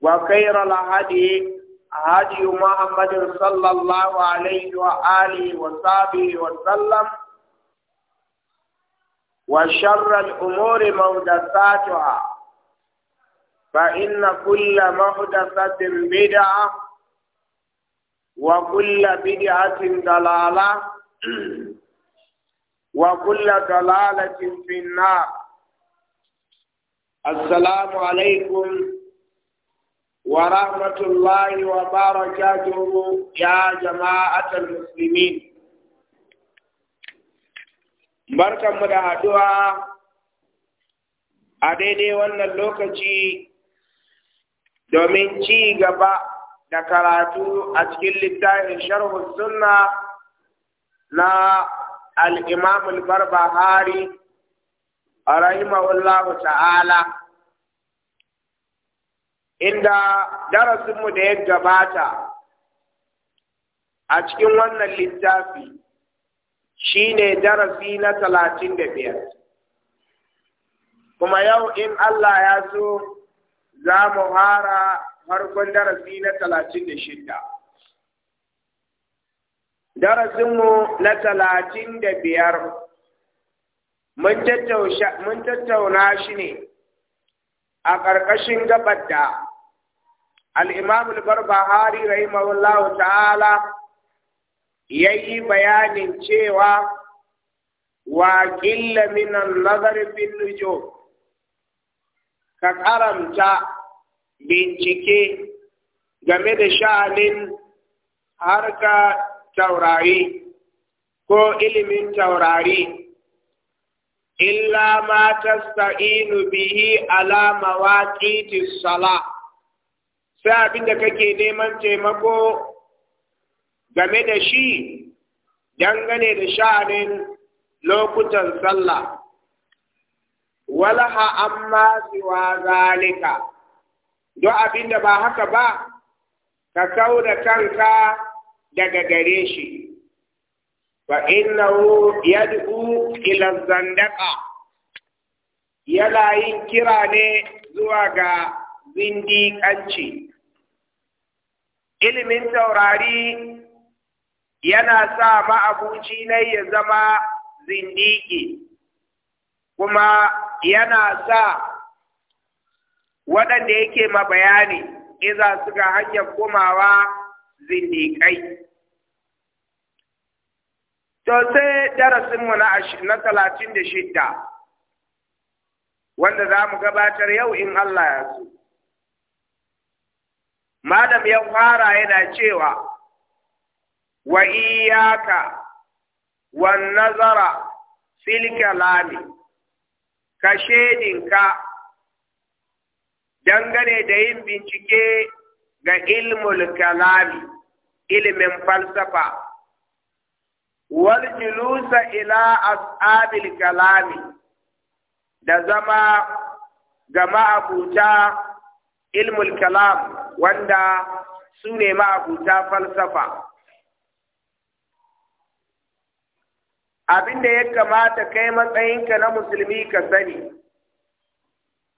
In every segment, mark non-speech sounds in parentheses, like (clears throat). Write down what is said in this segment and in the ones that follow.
وخير الهدي هدي محمد صلى الله عليه وآله وصحبه وسلم وشر الأمور محدثاتها فإن كل محدثة بدعة وكل بدعة ضلالة وكل ضلالة في النار السلام عليكم Wa wa bara ya الله وبركاته يا جماعة المسلمين بركة A daidai wannan lokaci domin ci gaba da karatu a cikin littafin sharhu sunna na al-imam al-barbahari rahimahullahu ta'ala inda darasinmu da ya gabata a cikin wannan littafi shi ne darasi na talatin da biyar kuma yau in Allah ya zo za mu hara farkon darasi na talatin da shida darasinmu na talatin da biyar mun tattauna shi ne a ƙarƙashin gabar da al-imam al-barbahari rahimahullahu ta'ala yayi bayanin cewa wa qilla min an-nazar fil ka karamta bincike game da sha'anin harka taurari ko ilimin taurari illa ma tasta'inu bihi ala mawaqiti salah sai abin da kake neman taimako game da shi dangane da sha'anin lokutan sallah walaha amma siwa zalika don abin da ba haka ba ka kau da kanka daga gare shi fa innahu yad'u ila zandaka yana yin kira ne zuwa ga zindiƙanci ilimin taurari yana sa ma'abuci na ya zama zindiki kuma yana sa waɗanda yake ma bayani iza suka hanyar komawa zindikai. To sai darasinmu na talatin da shida, wanda za mu gabatar yau in Allah ya so. malam ya fara yana cewa wa iyaka wan nazara fil kalami ka shedinka dangane da yin bincike ga ilmul kalami ilimin falsafa wal julusa ila ashabil kalami da zama ga ma'abuta ilmul kalam wanda su ne ma'abuta falsafa abin da ya kamata kai matsayinka na musulmi ka sani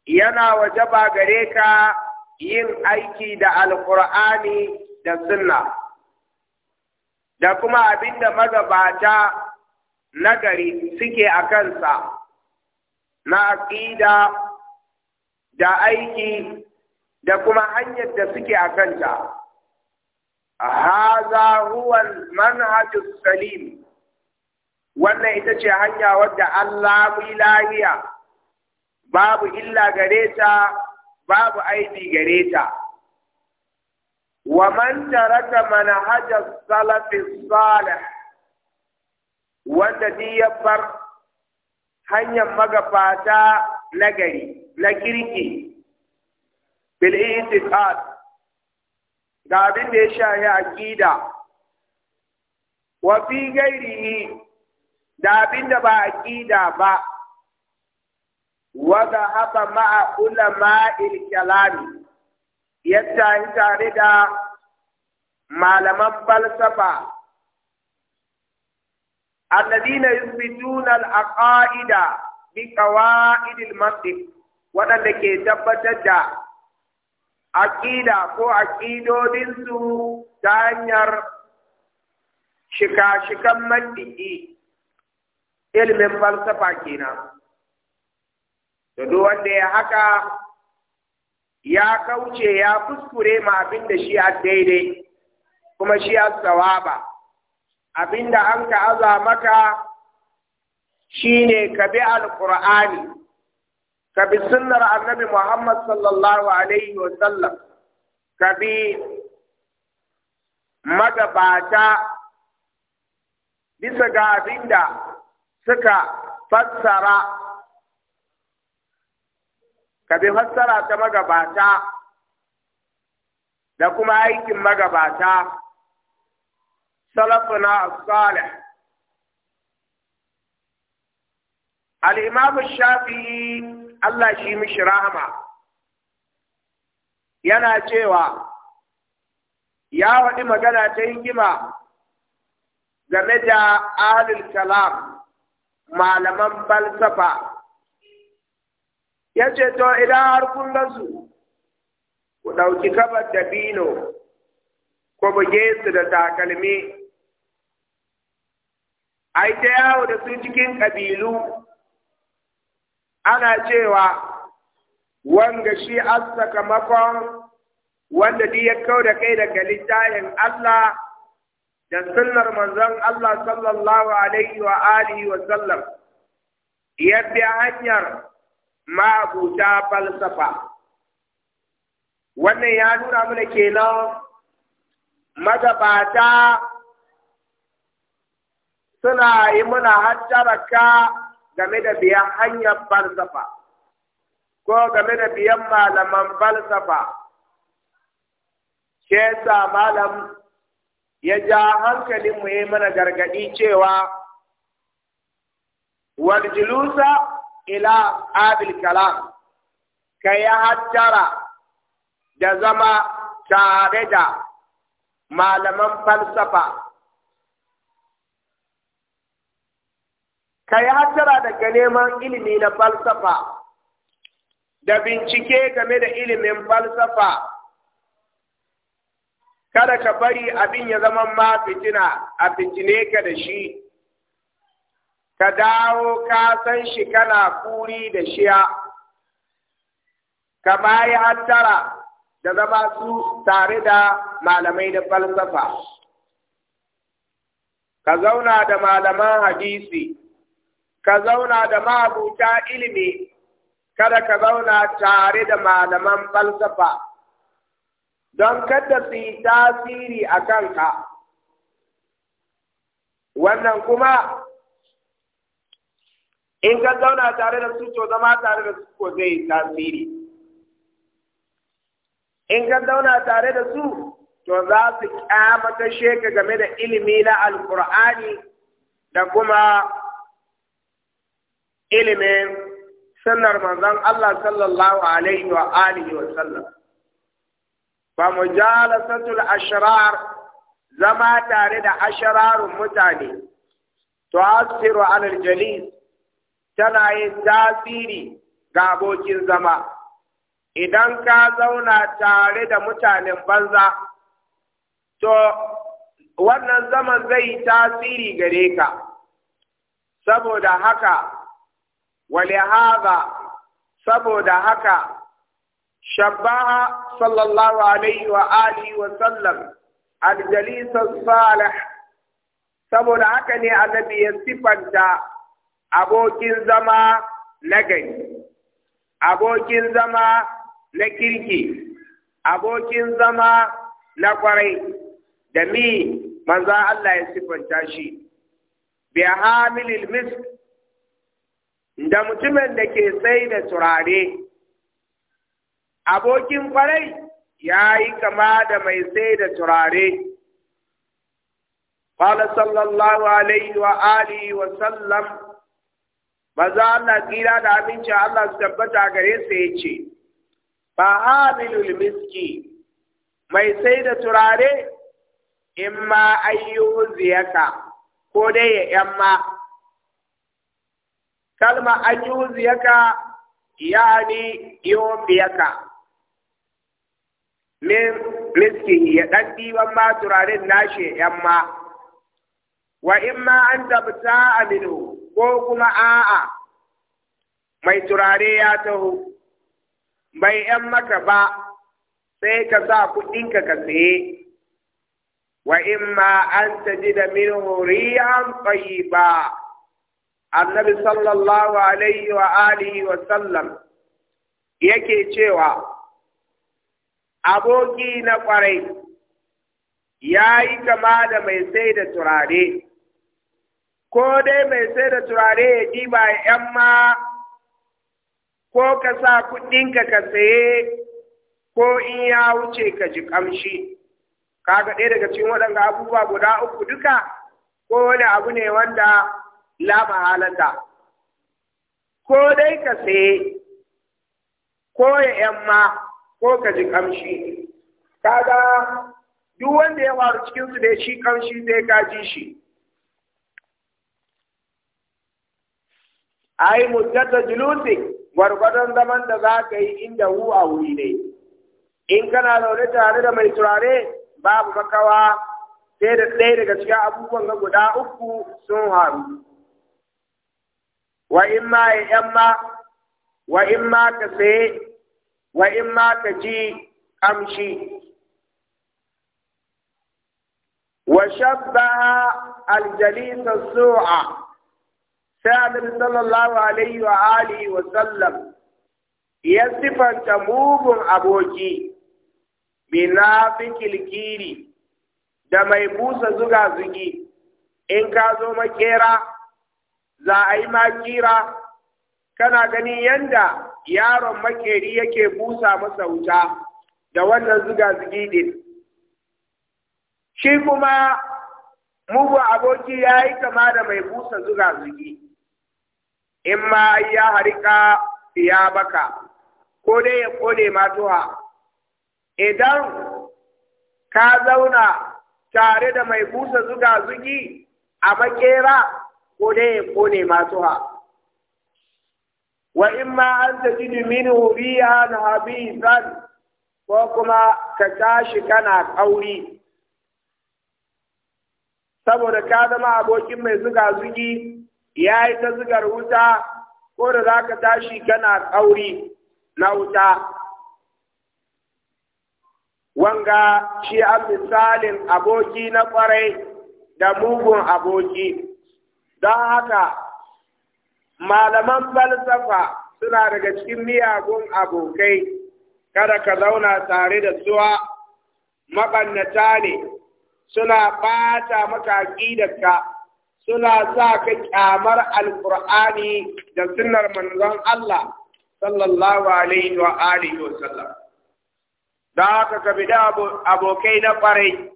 yana waje ba gare ka yin aiki da alkur'ani da sunna da kuma abin da magabata nagari suke a kansa na aƙida da aiki da kuma hanyar da suke a kanta haza huwa manhaj salim wannan ita ce hanya wadda Allah mu lahiya babu illa gare ta babu aibi gare ta wa man taraka manhaj salaf salih wanda far hanyar magabata na gari na kirki bil i'tiqad ga abin da ya shahi aqida wa fi ghairihi da abin da ba ƙida ba wa dhahaba ma'a ulama'il kalami yatta tare da malaman falsafa الذين يثبتون العقائد بقواعد المنطق waɗanda ke tabbatar da aƙida ko aƙidodinsu ta hanyar shika-shikan mantiki ilimin falsafa kenan. Da duk wanda ya haka ya kauce ya kuskure ma abin da shi a daidai kuma shi a tsawaba. Abin an ka aza maka shi ne ka bi alƙur'ani ka bi sunnar annabi Muhammad sallallahu alaihi wa sallam ka bi magabata bisa ga abinda suka fassara ka bi fassara ta magabata da kuma aikin magabata salafuna salih al-imam shafi'i Allah shi mishi rahama yana cewa ya waɗi magana ta hikima game da alil kalam malaman falsafa ya ce to idan har kun su ku ɗauki kabar da bino ku buge su da takalmi A ta yawo da su cikin ƙabilu ana cewa wanga shi an sakamakon wanda duk ya kau da kai daga littafin Allah da sunnar manzon Allah sallallahu alaihi wa alihi wa sallam ya bi hanyar ma'abuta falsafa wannan ya nuna mana kenan magabata suna yi muna hajjaraka game da biyan hanyar falsafa ko game da biyan malaman falsafa ke sa malam ya ja hankalin mu yi mana gargaɗi cewa waljulusa ila abil kalam ka ya hattara da zama tare da malaman falsafa ka yi hattara daga neman ilimi na falsafa da bincike game da ilimin falsafa kada ka bari abin ya zama ma fitina a fitine ka da shi ka dawo ka san shi kana kuri da shiya ka bayi hattara da zama su tare da malamai na falsafa ka zauna da malaman hadisi ka zauna da mabuta ilimi kada ka zauna tare da malaman falsafa don kada su yi tasiri a kanka wannan kuma in ka zauna tare da su to zama tare da su ko zai yi tasiri in ka zauna tare da su to za su kyamata sheka game da ilimi na alkur'ani da kuma ilimin sanar manzan Allah sallallahu alaihi wa alihi wa sallam fa mujalasatul ashrar zama tare da ashrarun mutane tu'assiru ala aljalis tana yin tasiri ga abokin zama idan ka zauna tare da mutanen banza to wannan zaman zai tasiri gare ka saboda haka ولهذا سبود هكا شبه صلى الله عليه وآله وسلم الجليس الصالح saboda haka ne annabi ya sifanta abokin zama na gari abokin zama na kirki abokin zama na kwarai da mi manza Allah ya sifanta shi bi da mutumin da ke sai da turare abokin kwarai ya yi kama da mai sai da turare alaihi wa الله wa sallam, ba maza Allah tsira da abinci Allah su tabbata gare su ya ce, Ba hamilul miski mai sai da turare in ma ayyuhu ziyaka ko dai ya ‘yan ma kalma an yaka yani yubiyaka min miski ya ɗan ɗiban ma turarin nashi ‘yan ma, wa in ma an tabta aminu ko kuma a'a mai turare ya taho, bai ‘yan maka ba sai ka sa kuɗinka ka tsaye. wa in ma an taji da min horiyan ba, annabi sallallahu alaihi wa alihi wa sallam yake cewa aboki na kwarai ya yi kama da mai sai da turare ko dai mai sai da turare ya ɗiba ‘yan ma ko ka sa kuɗinka ka saye ko in ya wuce ka ji ƙamshi kaga ɗaya daga cikin waɗanda abubuwa guda uku duka ko wani abu ne wanda la mahalata ko dai ka saye ko ya yamma ko ka ji kamshi kaga duk wanda ya waru cikin su dai shi kamshi sai ka shi ai muddata julusi gwargwadon zaman da za ka yi inda hu a wuri ne in kana zaune tare da mai turare babu makawa sai da ɗaya daga cikin abubuwan ga guda uku sun haru wa in ma ya yamma wa in ma ka tsaye? wa in ma ka ji kamshi wa shabbaha aljalis as-su'a sai annabi sallallahu alaihi wa alihi wa sallam ya sifanta mugun aboki binafikil kiri da mai busa zuga zugi in ka zo makera za a yi makira kana ganin yanda yaron makeri yake busa masa wuta da wannan zuga zugi din shi kuma mugu aboki ya yi kama da mai busa zuga zugi in ma ya harika ya baka ko dai ya kone matuwa idan ka zauna tare da mai busa zuga zugi a makera ko dai ya kone masu ha wa in ma an ta ji minhu biha ko kuma ka tashi kana kauri saboda ka zama abokin mai zuga zugi ya yi ta zugar wuta ko da za ka tashi kana kauri na wuta wanga shi a misalin aboki na kwarai da mugun aboki don haka malaman falsafa suna daga cikin miyagun abokai kada ka zauna tare da suwa maɓannata ne suna ɓata maka aƙidarka suna sa ka ƙyamar alƙur'ani da sunnar manzon Allah sallallahu alaihi wa alihi wa sallam da haka ka bi abokai na ƙwarai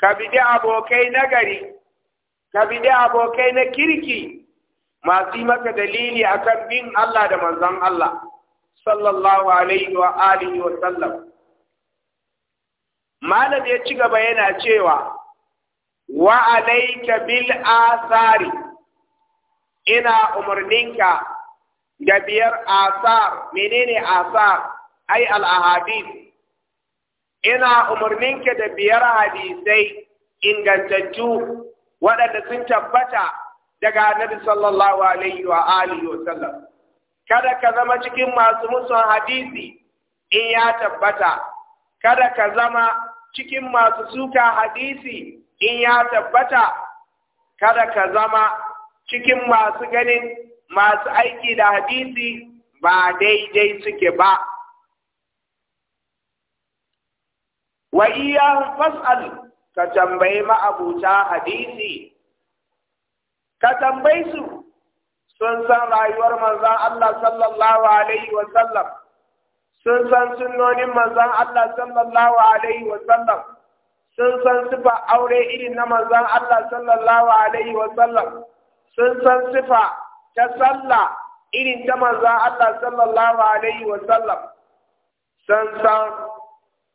ka bi abokai na gari ka da abokai na kirki masu maka dalili akan bin Allah da manzon Allah sallallahu alaihi wa alihi wa sallam malam ya ci gaba yana cewa wa alayka bil asari ina umarninka da biyar asar menene asar ai al ahadith ina umarninka da biyar hadisai ingantattu waɗanda sun tabbata daga annabi sallallahu alaihi wa alihi wa sallam kada ka zama cikin masu musun hadisi in ya tabbata kada ka zama cikin masu suka hadisi in ya tabbata kada ka zama cikin masu ganin masu aiki da hadisi ba daidai suke ba wa iyahu fas'alu ka tambayi ma'abuta hadisi ka tambayi su sun san rayuwar manzan Allah sallallahu alaihi wa sallam sun san sunnonin manzan Allah sallallahu alaihi wa sallam sun san sifa aure irin na manzan Allah sallallahu alaihi wa sallam sun san sifa ta sallah irin ta manzan Allah sallallahu alaihi wa sallam sun san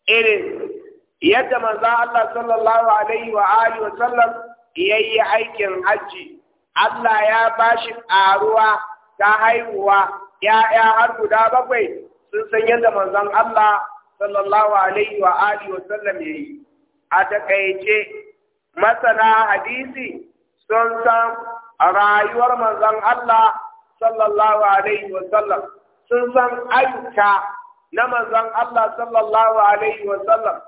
irin yadda manzon Allah sallallahu alaihi wa alihi wa sallam yayi aikin hajji Allah ya bashi ƙaruwa ta haihuwa ‘ya'ya har guda bakwai sun san yadda manzon Allah sallallahu alaihi wa alihi wa sallam ya yi. A takaice masana hadisi sun san rayuwar manzon Allah sallallahu alaihi wa sallam sun san ayyuka na manzon Allah sallallahu alaihi wa sallam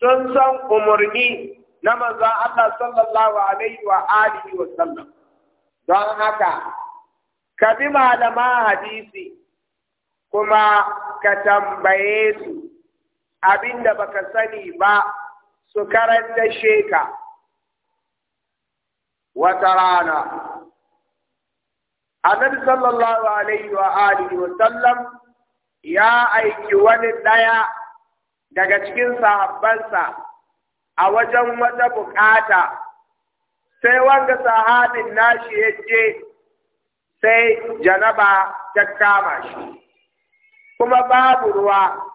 sun san umarni na maza Allah sallallahu alaihi wa alihi wa sallam don haka ka bi malama hadisi kuma ka tambaye su abinda baka sani ba su karanta sheka wata rana annabi sallallahu alaihi wa alihi wa sallam ya aiki wani ɗaya. daga cikin sahabbansa a wajen wata bukata sai wanda sahabin nashi ya je sai janaba ta kama shi kuma babu ruwa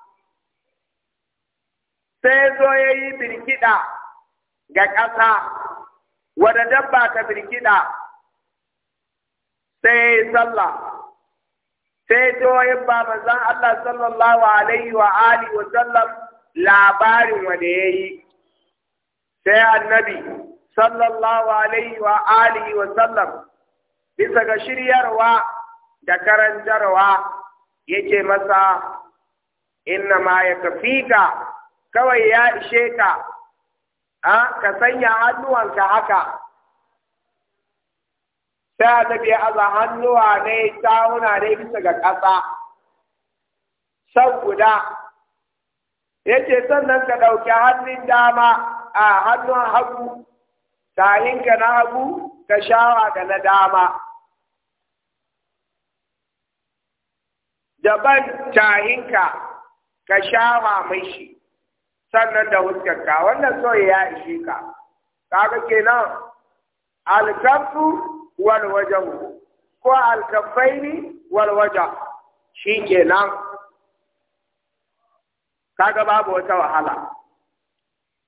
sai zo ya yi birkiɗa ga ƙasa wadda dabba ta birkiɗa sai sallah sai doyin ba zan Allah sallallahu alaihi wa alihi wa sallam labarin wanda yayi sai annabi sallallahu alaihi wa alihi wa sallam bisa ga shiryarwa da karantarwa yake masa inna ma ya ka, kawai ya ishe ka ah, ka sanya hannuwanka haka ta annabi ya aza hannuwa ne tawuna ne bisa ga ƙasa sau guda yace sannan ka ɗauki hannun dama a hannun hagu tayinka na hagu ka shawa da na dama daban tayinka ka shawa mai shi sannan da huskarka wannan so ya ishe ka kaga kenan alkafu wal wajhu ko al kaffaini wal wajh shikenan kaga babu wata wahala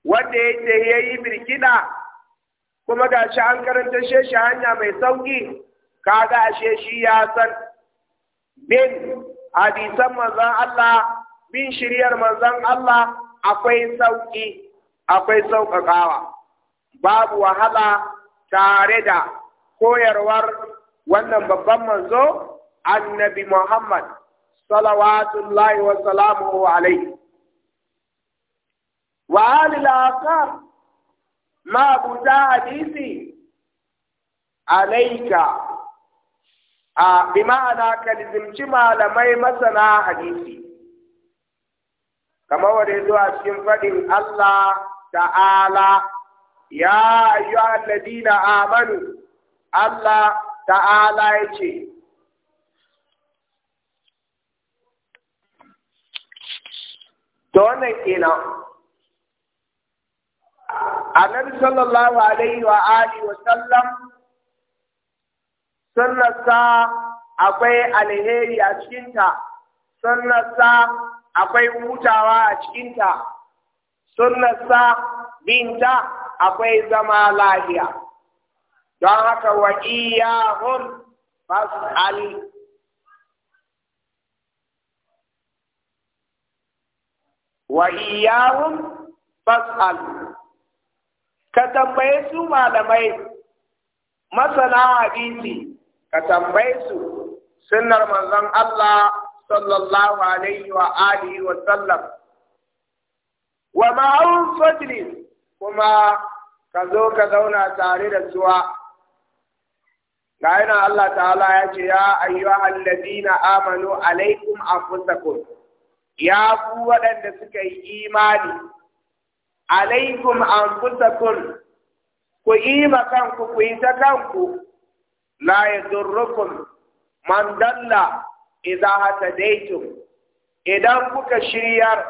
wanda yake yayi birkida kuma ga shi an karanta shi hanya mai sauki kaga ashe shi ya san bin hadisan manzon Allah bin shiryar manzon Allah akwai sauki akwai sauƙaƙawa babu wahala tare da koyarwar wannan babban manzo annabi Muhammad salawatullahi wa salamuhu alaihi wa alil ma buda hadisi alaika a bi ma'ana ka lizimci malamai masana hadisi kamar wanda zuwa cikin fadin Allah ta'ala ya ayyuhal ladina amanu Allah ta'ala ya ce, Ta wannan kenan, annabi sallallahu alaihi wa alihi wa sallam sunnarsa akwai alheri a cikinta, sunnarsa akwai hutawa a cikinta, sunnarsa binta akwai zama lahiya. don haka wa iyahum fas'al wa iyahum fas'al ka tambaye su malamai masana hadisi ka tambaye su sunnar manzon Allah sallallahu alaihi wa alihi wa sallam wa ma'un fadli kuma ka zo ka zauna tare da suwa ga Allah ta'ala ya ce ya ayyuhal ladina amanu alaikum anfusakum ya ku waɗanda suka yi imani alaikum anfusakum ku yi ma kanku ku yi ta kanku la yadurrukum man dalla idza idan kuka shiryar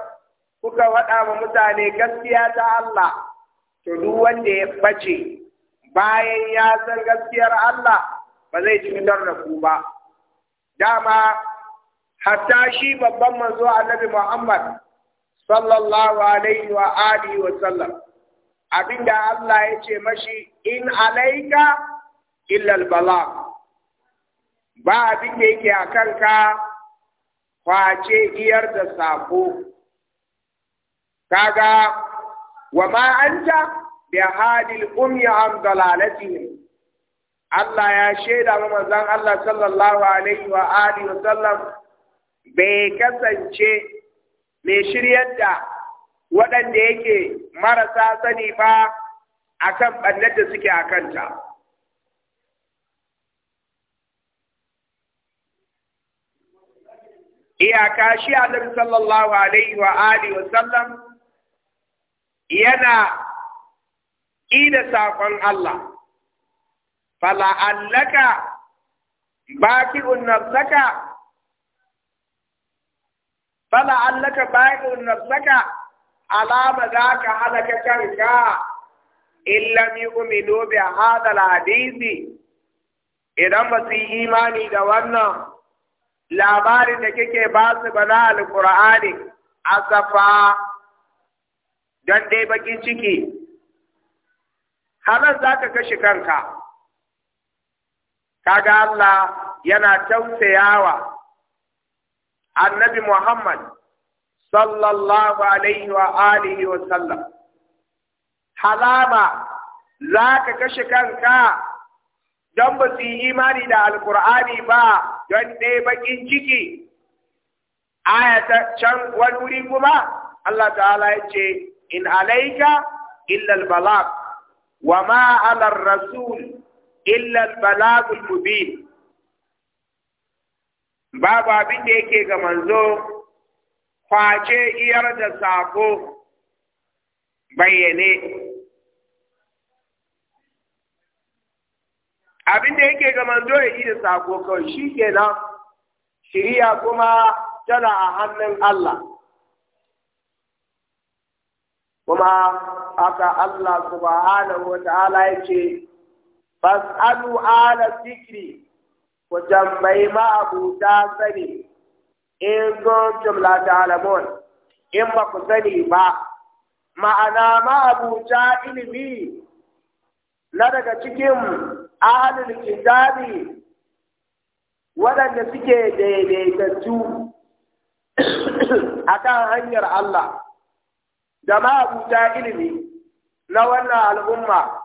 kuka waɗa ma mutane gaskiya ta Allah to duk wanda ya bace bayan ya san gaskiyar Allah ba zai cutar da ku ba dama hatta shi babban manzo annabi Muhammad sallallahu alaihi wa alihi wa sallam abinda Allah ya ce mashi in alaika illa albala ba abin da yake a ka kwace iyar da sako kaga wa ma anta bi hadil ummi an dalalatihim Allah ya shaida ma manzon Allah sallallahu alaihi wa alihi wa sallam bai kasance mai shiryar da waɗanda yake marasa sani ba akan ɓannar da suke a kanta. iyaka shi annabi sallallahu alaihi wa alihi wa sallam yana ida sakon Allah fala'allaka baqi'un nafsaka fala'allaka baqi'un nafsaka alama za ka halaka kanka in lam yu'minu bi hadha al-hadisi idan ba su yi imani da wannan labarin da kike ba su ba na alƙur'ani asafa don dai bakin ciki halar za ka kashe kanka kaga Allah yana tausayawa annabi Muhammad sallallahu alaihi wa alihi wa sallam halama za ka kashe kanka don ba su yi imani da alkur'ani ba don ɗaya bakin ciki aya ta can wani wuri kuma Allah ta'ala ya ce in alaika illa albalaq wa ma rasul illa al-balagul mubin babu abin da yake ga manzo kwace iyar da sako bayyane abin da yake ga manzo ya da sako kawai shi ke nan shirya kuma tana a hannun Allah kuma haka Allah subhanahu wa ta'ala ya ce fas'alu ala zikri ku abu ta sani in jumla ta alamon in ba ku sani ba ma'ana ta ilimi na daga cikin ahlul kitabi waɗanda suke daidaitattu (coughs) kan hanyar Allah da ta ilimi na wannan al'umma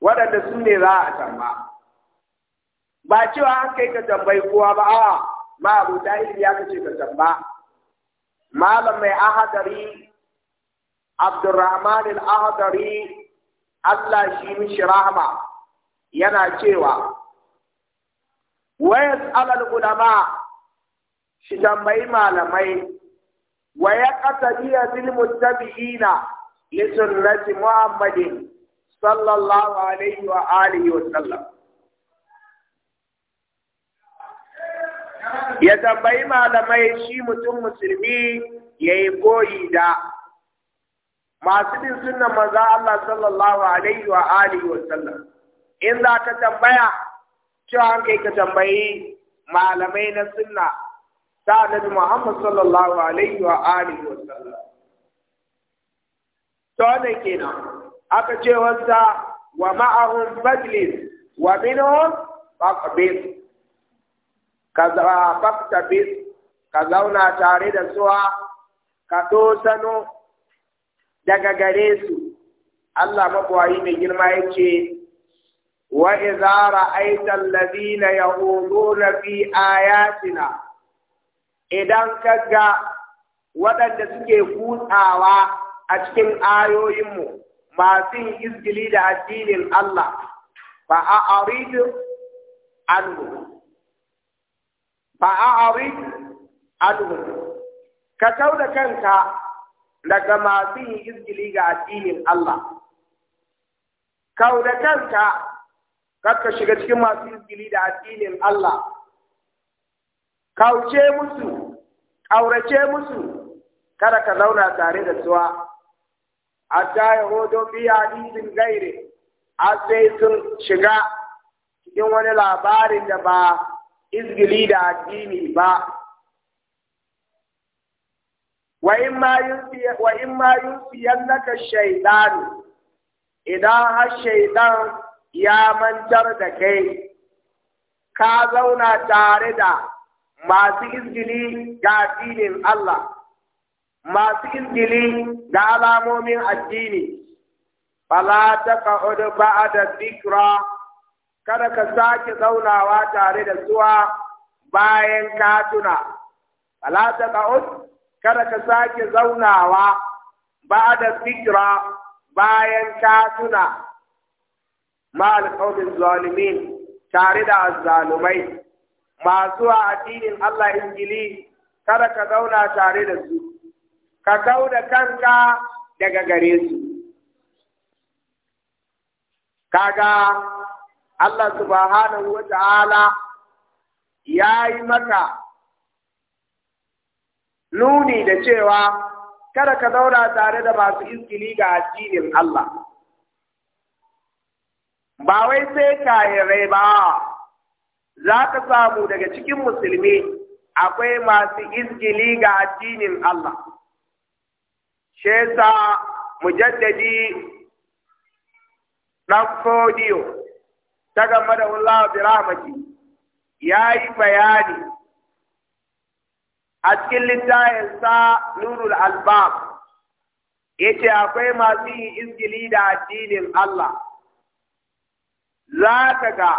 waɗanda su ne za a tamba ba cewa an kai ka tambayi kowa ba a'a ma abuta ilimi ya kace ka tamba malam mai ahadari abdurrahman ahadari Allah shi mishi rahama yana cewa wa tsalar ulama shi tambayi malamai wa biya bil muttabi'ina li sunnati muhammadin sallallahu alaihi wa alihi wa ya tambayi malamai shi mutum musulmi ya yi koyi da masu bin sunan maza Allah sallallahu alaihi wa alihi wa sallam in za ka tambaya cewa an kai ka tambayi malamai na sunna ta annabi Muhammad sallallahu alaihi wa alihi wa sallam to ne kenan aka ce wata wa ma'ahun fajlis wa minhum faqbis kaza faqtabis ka zauna tare da suwa ka tosano daga gare su Allah mabuwayi mai girma yake wa idza ra'aita alladhina yahuduna fi ayatina idan kaga waɗanda suke kutsawa a cikin ayoyinmu masu yin izgili da addinin Allah ba a aridu anhu ba a aridu anhu ka kau da kanka daga masu yin izgili da addinin Allah kau da kanka kakka shiga cikin masu izgili da addinin Allah kauce musu ƙaurace musu kada ka zauna tare da suwa hatta ya hodo bi hadisin gairi har sai sun shiga cikin wani labarin da ba izgili da addini ba wa in ma yunsi yannaka shaidan idan har shaidan ya mantar da kai ka zauna tare da masu izgili ga addinin Allah masu ingili da alamomin addini fala a da zikra kada ka sake zaunawa tare da suwa bayan katuna. fala ta ka'udu kada ka sake zaunawa da zikra bayan katuna. ma'al ma zalimin tare da azalumai, masu addinin Allah injili kada ka zauna tare da su ka kau da kanka daga gare su kaga Allah subhanahu wa ta'ala ya yi maka nuni da cewa kada ka zauna tare da masu iskili ga addinin Allah ba wai sai ka rai ba za ka samu daga cikin musulmi akwai masu iskili ga addinin Allah shi mujaddadi dan ta gama da Allah bi ya yi bayani a cikin littafinsa nurul albab ce akwai masu yin izgili da addinin Allah za ka ga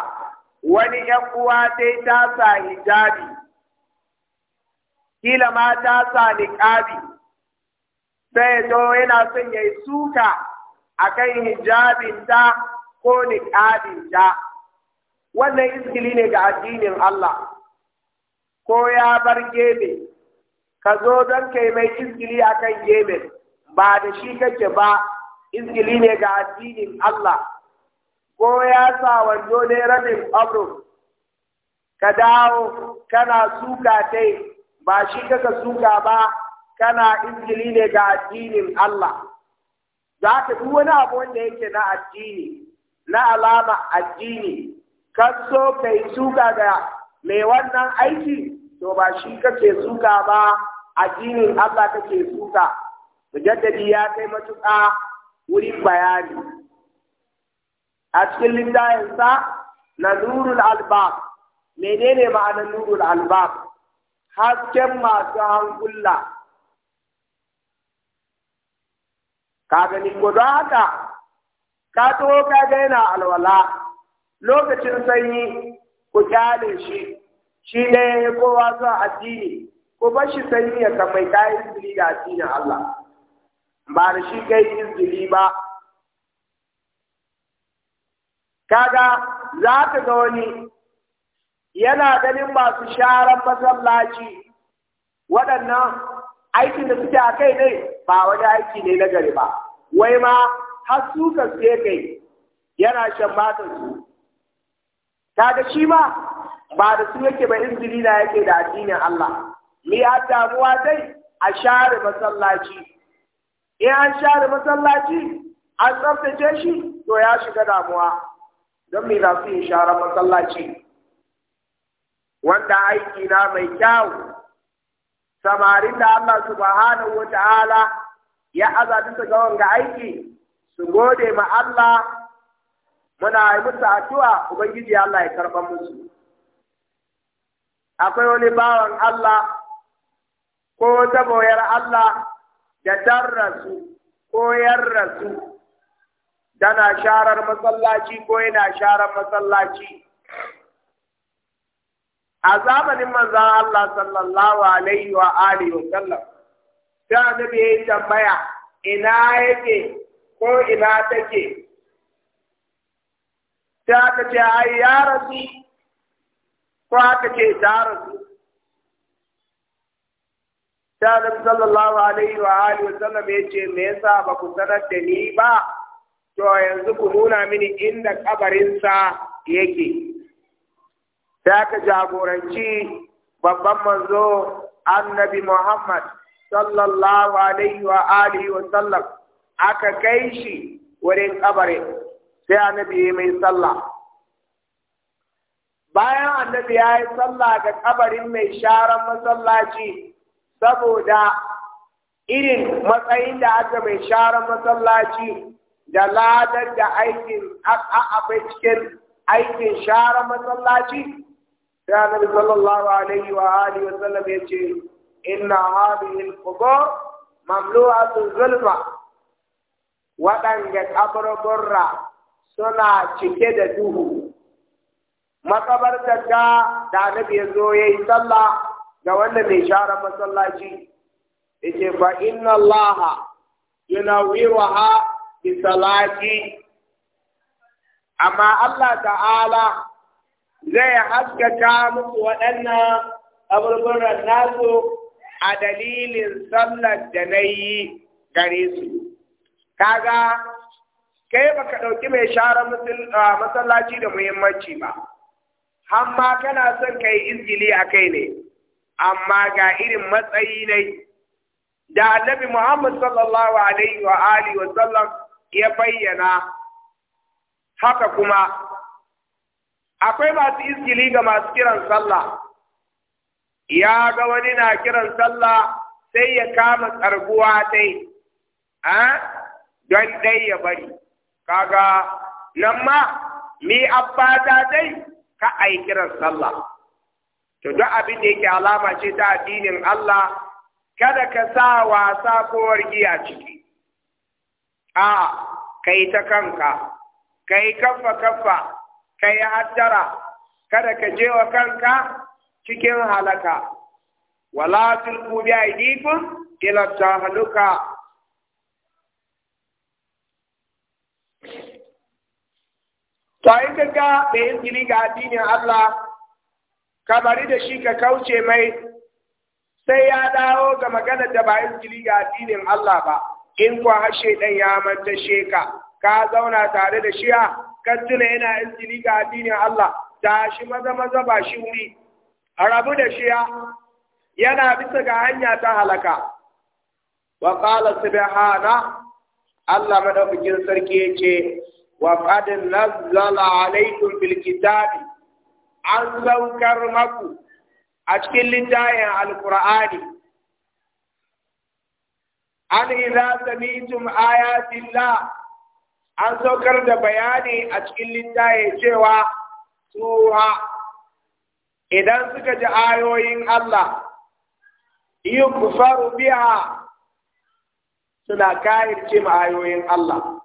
wani ‘yan uwa sai ta sa hijabi, kila ma ta sa niƙabi, sai yana son ya yi suka a kan hijabinta ko niƙabinta. Wannan izgili ne ga addinin Allah, ko ya bar gebe, ka zo don kai mai izgili a kan gebe, ba da shi kake ba, izgili ne ga addinin Allah, ko ya sa wando ne rabin abu ka dawo kana suka ta ba shi kaka suka ba, kana injili ne ga addinin Allah za ka duk wani abu wanda yake na addini na alama addini ka so ka yi suka ga mai wannan aiki to ba shi kake suka ba addinin Allah kake suka jaddadi ya kai matuƙa wurin bayani a cikin lindayensa na nurul albab menene ma'anar nurul albab hasken masu hankula ka gani ko da haka ka to ka ga yana alwala lokacin sanyi ku kyale shi shi ne kowa zuwa addini ko bar shi sanyi ya kamai kayan zuli ga addinin Allah ba da shi kai zuli ba kaga za ka ga wani yana ganin masu sharan masallaci waɗannan aikin da suke a kai ne ba wani aiki ne na gari ba wai ma har su kasance kai yana shan matan su da shi ma ba da su yake ba in na yake da addinin Allah Ni ya damuwa dai a share masallaci in an share masallaci an tsaftace shi to ya shiga damuwa don me za su yi share masallaci wanda aiki na mai kyau samarin da Allah subhanahu wa ta'ala ya azabin su ga wanga aiki su gode ma Allah muna yi musu addu'a ubangiji Allah ya karɓa musu akwai wani bawan Allah ko ta boyar Allah da tarrasu ko yarrasu dana sharar masallaci ko yana sharar masallaci a zamanin manzan Allah sallallahu alaihi wa alihi wa sallam sai annabi yayi tambaya ina yake ko ina take sai aka ce ai ya rasu ko aka ce ta rasu sai annabi sallallahu alaihi wa alihi wa sallam ya ce me yasa ba ku sanar da ni ba to yanzu ku nuna mini inda kabarinsa yake sai jagoranci babban manzo annabi Muhammad sallallahu alaihi wa alihi wa sallam aka kai shi wurin kabare sai annabi mai sallah bayan annabi ya yi sallah ga kabarin mai sharan masallaci saboda irin matsayin da aka mai sharan masallaci da ladar da aikin a cikin aikin sharan masallaci sai annabi sallallahu alaihi wa alihi wa sallam ya ce inna hadhihi al-qubur mamlu'atu zulma waɗanda kaburburra suna cike da duhu makabartar da da annabi ya zo yayi sallah ga wanda mai share masallaci yake ba inna allaha yunawiruha bi salati amma Allah ta'ala zai haskaka musu waɗannan abubuwan nasu a dalilin sallar da na yi gare su. Kaga, kai baka ɗauki mai share masallaci da muhimmanci ba, hamma kana son ka yi izgili a kai ne, amma ga irin matsayi ne. Da annabi Muhammad sallallahu Alaihi wa Alihi wa sallam ya bayyana haka kuma akwai masu izgili ga masu kiran sallah ya ga wani na kiran sallah sai ya kama tsarguwa dai a don dai ya bari kaga nan ma mi abbata dai ka ai kiran sallah to duk abin da yake alama ce ta addinin Allah kada ka sa wasa ko wargiya ciki a kai ta kanka kai kafa-kafa. kai haddara kada ka je wa kanka cikin halaka wala tulqu bi aydikum ila tahluka to ka ga da yin ga addinin Allah ka bari da shi ka kauce mai sai ya dawo ga maganar da ba yin ga addinin Allah ba in kuwa har ɗan ya manta sheka ka zauna tare da shiya kan tuna yana izini ga addinin Allah Ta shi maza maza ba shi wuri a rabu da shiya yana bisa ga hanya ta halaka wa qala subhana Allah madaukakin sarki yace wa qad nazzala alaykum bil kitabi an saukar maku a cikin littafin alqur'ani an idza sami'tum ayati llah an saukar da bayani a cikin littaye cewa tsoha idan suka ji ayoyin Allah yi kufaru biya suna kayan ma ayoyin Allah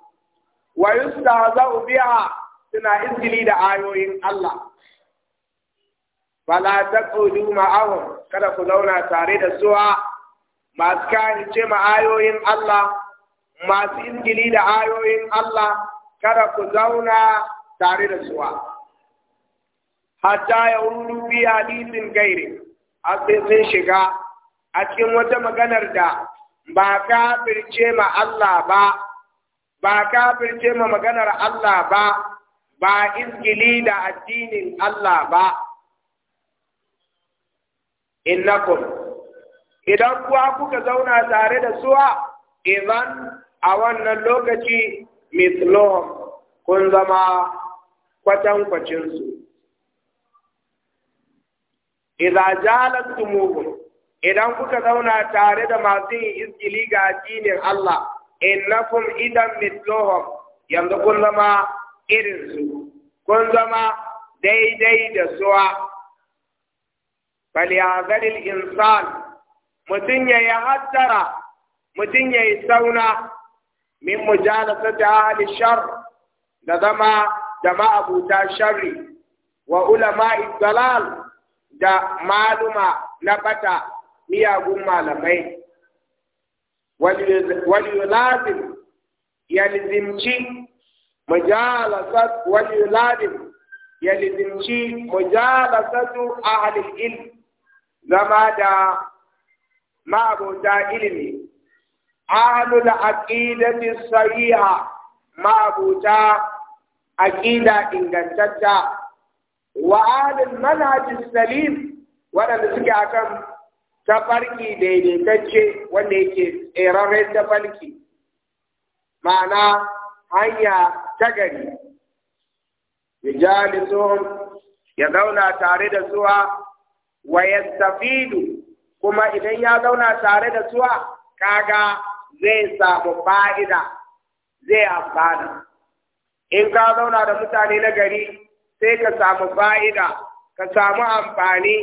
wa yustahza'u biya suna izgili da ayoyin Allah fala taqudu ma'ahum kada ku zauna tare da suwa masu kayan ma ayoyin Allah masu ingili da ayoyin Allah kada ku zauna tare da suwa hatta ya wuru bi hadisin gairi a sai sun shiga a cikin wata maganar da ba ka firce ma Allah ba ba ka firce ma maganar Allah ba ba izgili da addinin Allah ba innakum idan kuwa kuka zauna tare da suwa idan a wannan lokaci mislohom kun zama kwatankwacinsu. Iza jalar tumuhun, idan kuka zauna tare da masu yin iskili ga addinin Allah, innakum idan mislohom yanzu kun zama irinsu, kun zama daidai da suwa. Falyazaril insan, mutum ya yi hattara, mutum ya yi sauna, min mujalasati ahli shar da zama da ma'abuta sharri wa ulama'i dalal da maluma na bata miyagun malamai waliyulazim yalzimci mujalasat waliyulazim yalzimci mujalasatu ahli ilm zama da ma'abuta ilimi ahlul aqidati sahiha ma'abuta aqida ingantacca wa ahlul manhaj salim waɗanda suke akan tafarki daidaitacce wanda yake tsirarren tafarki ma'ana hanya ta gari rijalisuhum ya zauna tare da suwa wa kuma idan ya zauna tare da suwa kaga zai samu fa'ida zai amfana in ka zauna da mutane na gari sai ka samu fa'ida ka samu amfani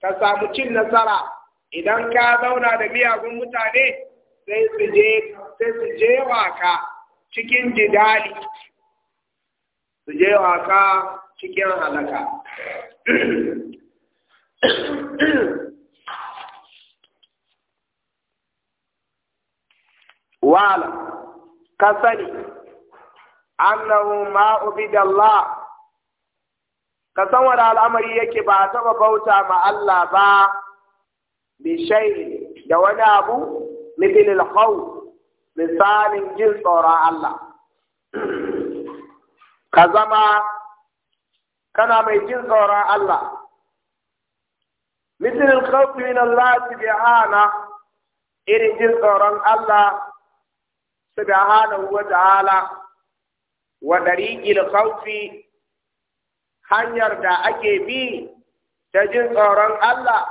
ka samu cin nasara idan ka zauna da miyagun mutane sai su je sai su cikin jidali su je waka cikin halaka (clears throat) wala ka sani annahu ma ubidallah ka san wani al'amari yake ba a taɓa bauta ma Allah ba bishai da wani abu al khawf misalin jin tsoron Allah ka zama kana mai jin tsoron Allah al khawf min Allah subhana irin jin tsoron Allah subhanahu wa ta'ala wa dariqil khawfi hanyar da ake bi ta jin tsoron Allah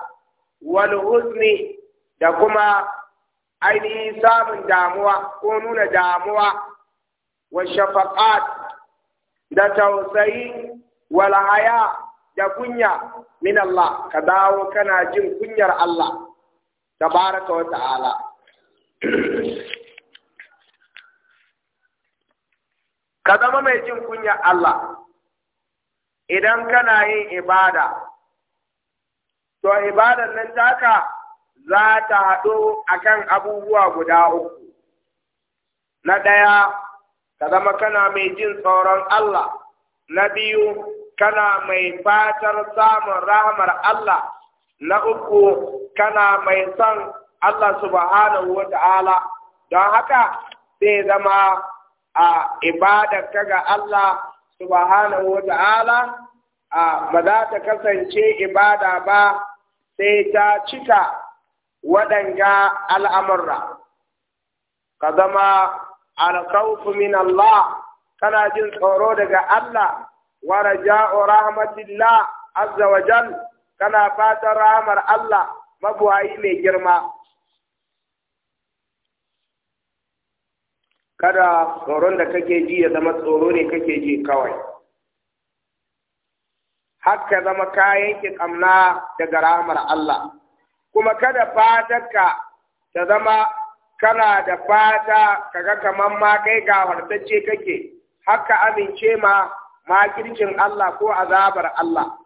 wal huzni da kuma ainihin samun damuwa ko nuna damuwa wa shafaqat da tausayi wal haya da kunya min Allah ka dawo kana jin kunyar Allah tabaraka wa ta'ala (clears throat) ka zama mai jin kunyar Allah idan kana yin ibada to ibadan nan taka za ta haɗu akan abubuwa guda uku na ɗaya ka zama kana mai jin tsoron Allah na biyu kana mai fatar samun rahamar Allah na uku kana mai son Allah subhanahu wa ta'ala don haka sai zama a ibadar ka ga Allah subhanahu wa ta'ala a ba za ta kasance ibada ba sai ta cika waɗanga al'amurra ka zama alkhawfu min Allah kana jin tsoro daga Allah wa raja'u rahmatillah azza wa jal kana fatan rahmar Allah mabuwayi mai girma kada tsoron da kake ji ya zama tsoro ne kake ji kawai haka zama kayan ki kamna daga rahamar Allah kuma kada fatarka ta zama kana da fata kaga kaman ma kai wartacce kake haka amince ma makircin Allah ko azabar Allah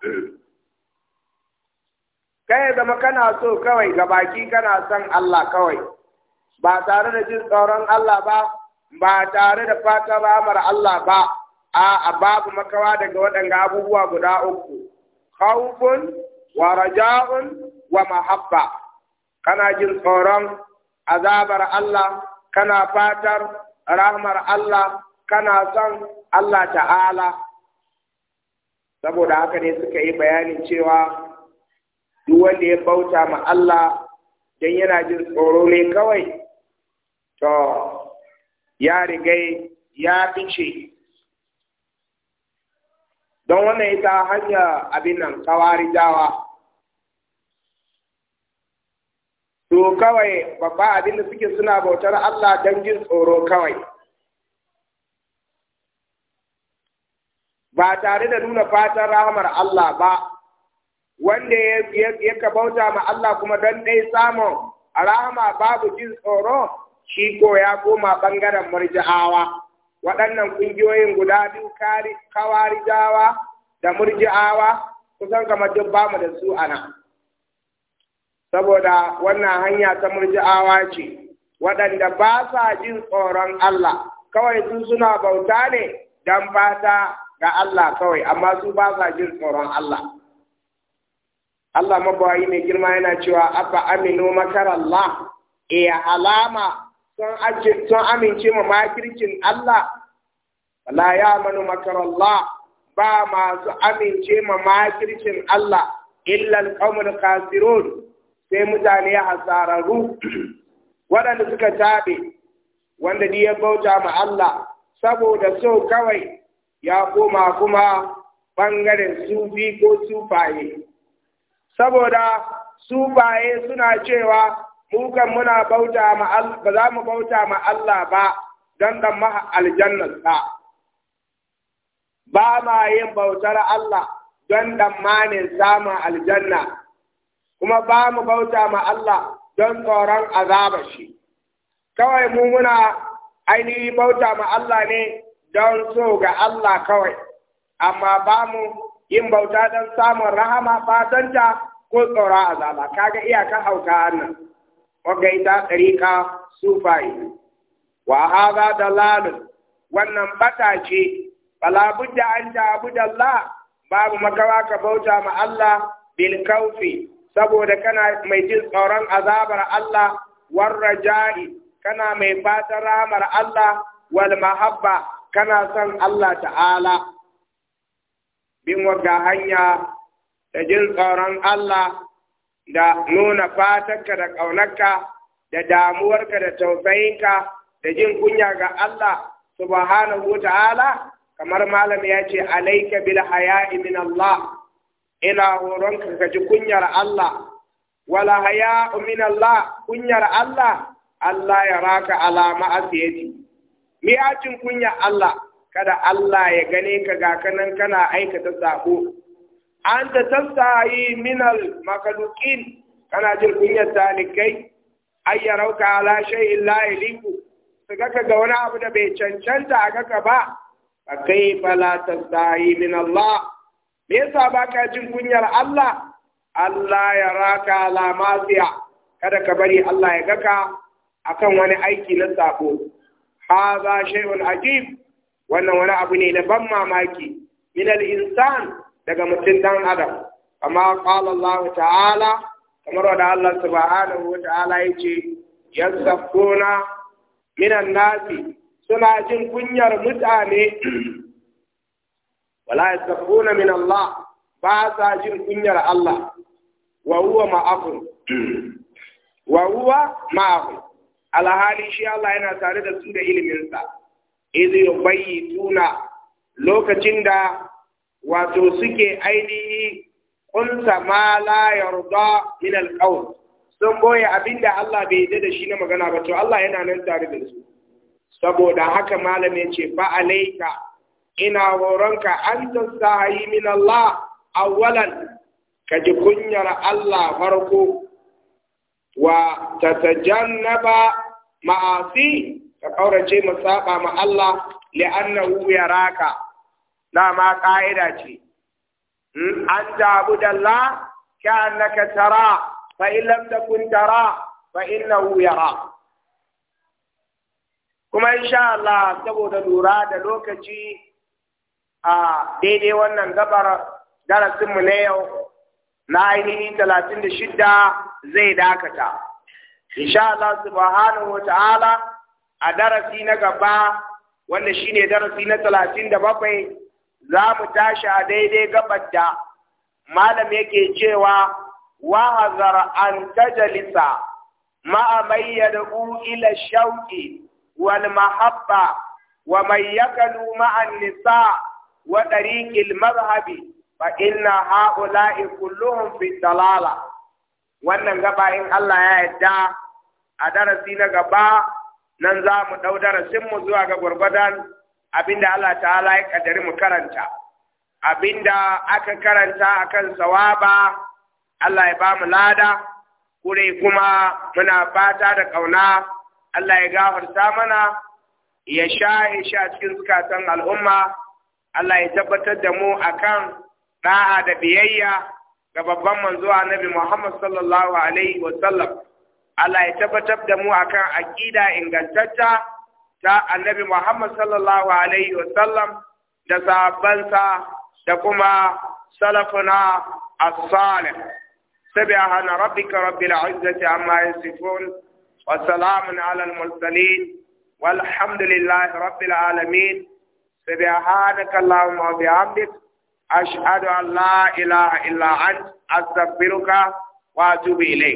kai zama kana so kawai ga baki kana son Allah kawai ba tare da jin tsoron Allah ba ba tare da fata ramar Allah ba a babu makawa daga waɗanga abubuwa guda uku khawfun wa raja'un wa mahabba kana jin tsoron azabar Allah kana fatar rahmar Allah kana son Allah ta'ala saboda haka ne suka yi bayanin cewa duk wanda ya bauta ma Allah don yana jin tsoro ne kawai to ya rigai ya fice don wannan ita hanya abin nan kawari jawa to kawai babba abin da suke suna bautar Allah don jin tsoro kawai ba tare da nuna fatan rahamar Allah ba wanda ya ka bauta ma Allah kuma don ɗai samun rahama babu jin tsoro shi ya koma ɓangaren murji'awa waɗannan ƙungiyoyin guda biyu dawa da murji'awa kusan kamar duk bamu da su ana saboda wannan hanya ta murji'awa ce waɗanda ba sa jin tsoron Allah kawai su suna bauta ne don fata ga Allah kawai amma su ba sa jin tsoron Allah Allah mabawai mai girma yana cewa abba aminu makarallah Allah e alama sun amince ma makircin Allah la ya manu makar Allah ba masu amince ma makircin Allah illa kamar khasirun sai mutane ya hasararru (clears throat) waɗanda suka tabe wanda ni ya bauta ma Allah saboda so kawai ya koma kuma ɓangaren sufi ko sufaye saboda sufaye suna cewa mu kan muna bauta ma Allah ba za mu bauta ma Allah ba dan dan ma sa ba ma yin bautar Allah don tsammanin samun aljanna kuma ba mu bauta ma Allah don tsoron azaba shi kawai mu muna ainihin bauta ma Allah ne don so ga Allah kawai amma ba mu yin bauta don samun rahama fatanta ko tsoron azaba kaga iyakar hauka nan wagga ita ɗariƙa sufaye wa haza dalalun wannan bata ce Bala budda an ta'budu Allah babu makawa ka bauta ma Allah bil kaufi saboda kana mai jin tsoron azabar Allah war raja'i kana mai fatan ramar Allah wal mahabba kana son Allah ta'ala bin wagga hanya da jin tsoron Allah da nuna fatanka da ƙaunarka da damuwarka da tausayinka da jin kunya ga Allah subhanahu wa ta'ala kamar malam ya ce alaika bil haya'i min Allah ina horonka ka ji kunyar Allah wala haya'u min Allah kunyar Allah Allah ya raka alama asiyati cin kunya Allah kada Allah ya gane ka ga kanan kana aikata sako anta ta tastahi minal makalukin kana jin kunyar talikai ai ya rauka ala saka ka ga wani abu da bai cancanta a kaka ba fa kaifa la min Allah me yasa baka jin kunyar Allah Allah ya raka ala masiya kada ka bari Allah ya gaka akan wani aiki na sako hadha shay'un ajib wannan wani abu ne da ban mamaki min al-insan daga mutum dan adam amma qala Allah ta'ala kamar da Allah subhanahu wa ta'ala yace yasafuna minan nasi suna jin kunyar mutane (clears throat) wala yasafuna min Allah ba sa jin kunyar Allah wa huwa ma'akum (clears throat) wa huwa ma'akum alhali shi Allah yana tare da su da iliminsa idh yubayyituna lokacin da wato suke ainihi kunta ma la yarda min alqawl sun boye abinda Allah bai yi da shi na magana ba to Allah yana nan tare da su saboda haka malam yace fa alayka ina horonka an tasahi min Allah awwalan ka ji kunyar Allah farko wa tatajannaba ma'asi ka kaurace masaba ma Allah li'annahu yaraka ma ƙa'ida ce hmm? an ta'budallah ka'annaka tara fa in lam takun tara fa innahu yara kuma sha Allah saboda lura da lokaci a daidai wannan gabar darasinmu na yau na ainihin talatin da shidda zai dakata. sha Allah subhanahu wa ta'ala a darasi na gaba wanda shine darasi na talatin da bakwai za mu tashi a daidai gabar da malam yake cewa wa hazara an tajalisa ma'a mai yad'u ila shauki wal mahabba wa mai yakalu ma'an nisa wa tariqil madhhabi fa inna ha'ula'i kulluhum fi dalala wannan gaba in Allah ya yarda a darasi na gaba nan za mu ɗau darasinmu zuwa ga gwargwadon abinda Allah ta'ala ya kaddari mu karanta abinda aka karanta akan sawaba Allah ya ba mu lada kure kuma muna fata da kauna Allah ya gafarta mana ya sha sha cikin zukatan al'umma Allah ya tabbatar da mu akan da'a da biyayya ga babban manzo annabi Muhammad sallallahu alaihi wa sallam Allah ya tabbatar da mu akan aqida ingantatta. ta annabi Muhammad sallallahu alaihi wasallam da sahabbansa da kuma salafuna as-salih سبحان ربك رب العزة عما يصفون وسلام على المرسلين والحمد لله رب العالمين سبحانك اللهم وبحمدك أشهد أن لا إله إلا أنت أستغفرك وأتوب إليك